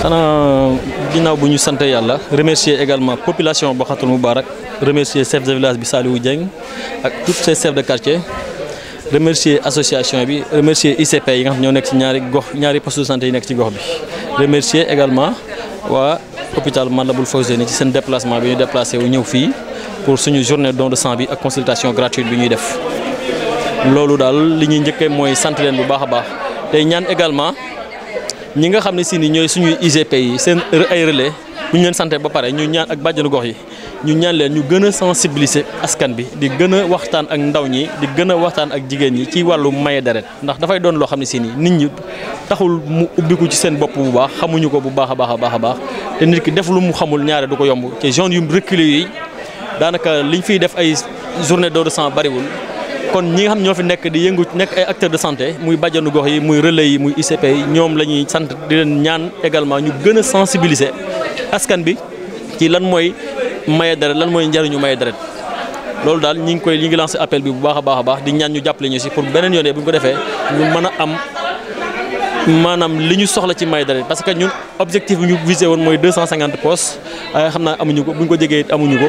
xanaa ginnaaw bu ñu sant remercier également population Boukhatoul Moubarak remercier chef de village bi Saliou Djeng, ak tous ces chefs de quartier remercier association bi remercier ICP yi nga xam ñoo ci ñaari gox ñaari poste de santé yi ci gox bi remercier également waa hôpital Matlaboul Fawzeyni ci seen déplacement bi ñu déplacé wu ñëw fii pour suñu journée don de sang bi ak consultation gratuite bi ñuy def loolu daal li ñuy ñëkke moy sant leen bu baaxa baax tey ñaan également ñi nga xam ne si ni ñooy suñuy IGP yi seen ay relais bu ñu leen sante ba pare ñu ñaan ak bàjjenu gox yi ñu ñaan leen ñu gën a sensibiliser askan bi di gën a waxtaan ak ndaw ñi di gën a waxtaan ak jigéen ñi ci wàllu maye deret ndax dafay doon loo xam ne si ni nit ñi taxul mu ubbiku ci seen bopp bu baax xamuñu ko bu baax a baax a baax a baax te nit ki def lu mu xamul ñaare du ko yomb te zone yu reculé yi daanaka liñ fiy def ay journée don de sang bariwul kon ñi nga xam ñoo fi nekk di yëngu nekk ay acteurs de santé muy bajanu gox yi muy relais yi muy ICP yi ñoom la ñuy sant di leen ñaan également ñu gën a sensibiliser askan bi ci lan mooy maye deret lan mooy njariñu maye deret loolu daal ñi ngi koy ñi ngi appel bi bu baax a baax a baax di ñaan ñu jàpp lañu si pour beneen yoon bu ñu ko defee ñu mën a am maanaam li ñu soxla ci maye deret parce que ñun objectif bi ñu visé woon mooy 250 ay xam naa amuñu ko bu ko jegee amuñu ko.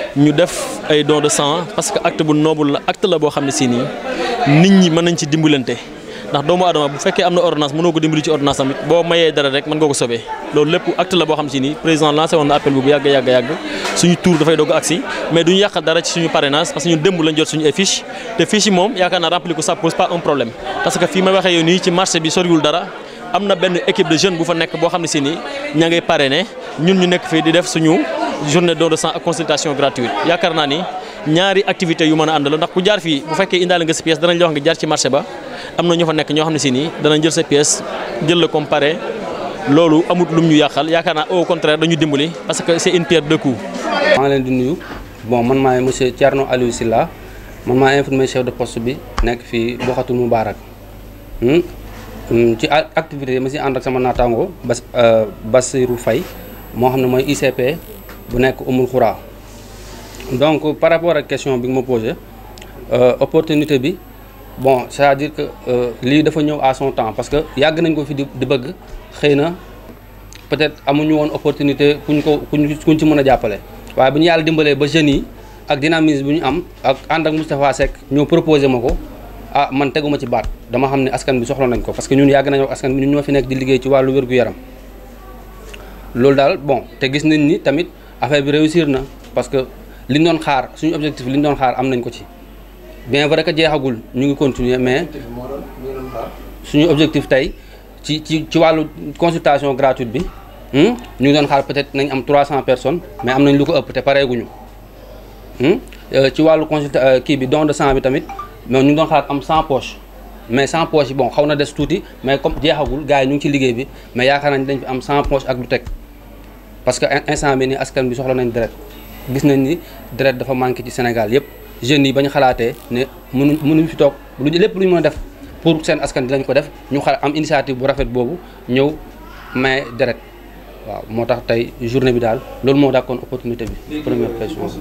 ñu def ay don de sang parce que acte bu noble la acte la boo xam ne si nii nit ñi mën nañ ci dimbalante ndax doomu adama bu fekkee am na ordonnance mënoo ko dimbali ci ordonnance tamit boo mayee dara rek mën nga ko sobee loolu lépp acte la boo xam si ni président lancé woon na appel bu yàgg yàgg yàgg suñu tour dafay doog agsi mais duñu yàq dara ci suñu parrainage parce que ñun démb lañ jot suñu ay fiche te fiche yi moom yaakaar naa rempli ko ça pose pas un problème parce que fii may waxee yow fa nekk boo xam ne si ni ña ngay parrainé ñu nekk fii di def suñu journée don de sang consultation gratuite yaakaar naa ni ñaari activité yu mën a ndax ku jaar fi bu fekke indal nga pièce danañ la wax nga jaar ci marché ba amna na ñu fa nek ño xamni ci ni nii danañ jël sa pièce jël le comparer lolu amut lu ñu yakal yaakaar naa au contraire dañu dimbali parce que c'est une pierre de coup maa len di nuyu bon man may monsieur tierno Aliou Silla man maa informer chef de poste bi nekk fii mubarak hmm? hmm ci activité ma ci and ak sama natango Bas euh, Basirou fay mo xamne moy ICP. bu nekk umul xuraa donc par rapport ak question bi nga ma posé euh, opportunité bi bon c'est-à-dire que euh, lii dafa ñëw à son temps parce que yàgg nañ ko fi di di bëgg xëy na peut-être amuñu woon opportunité kuñ ko kuñ kuñ ci mën a jàppale waaye bu ñu yàlla dimbalee ba jeunes yi ak dynamisme bu ñu am ak ànd ak Moustapha Seck ñoo proposé ma ko ah man teguma ci baat dama xam ne askan bi soxla nañ ko parce que ñun yàgg nañoo askan bi ñun ñoo fi nekk di liggéey ci wàllu wér-gu-yaram affaire bi réussir na parce que li ñu doon xaar suñu objectif li ñu doon xaar am nañ ko ci bien vrai que jeexagul ñu ngi continuer mais suñu objectif tay ci ci ci walu consultation gratuite bi hmm ñu doon xaar peut-être nañ am 300 personnes mais am nañ lu ko ëpp té paré guñu hmm ci walu consulta ki bi don de sang bi tamit mais ñu doon xaar am 100 poches mais sans poche bon xawna dess touti mais comme jeexagul gaay ñu ci liggéey bi mais yaaka nañ dañ fi am sans poche ak lu tek parce que instant bi ni askan bi soxla nañ deret gis nañ ni deret dafa manqué ci Sénégal yëpp jeunes yi ba ñu xalaatee ne mënuñ mënuñ fi toog lu lépp lu ñu mën def pour seen askan dinañ ko def ñu xala am initiative bu rafet boobu ñëw may deret waaw moo tax tey journée bi daal loolu moo dàkkoon opportunité bi première euh,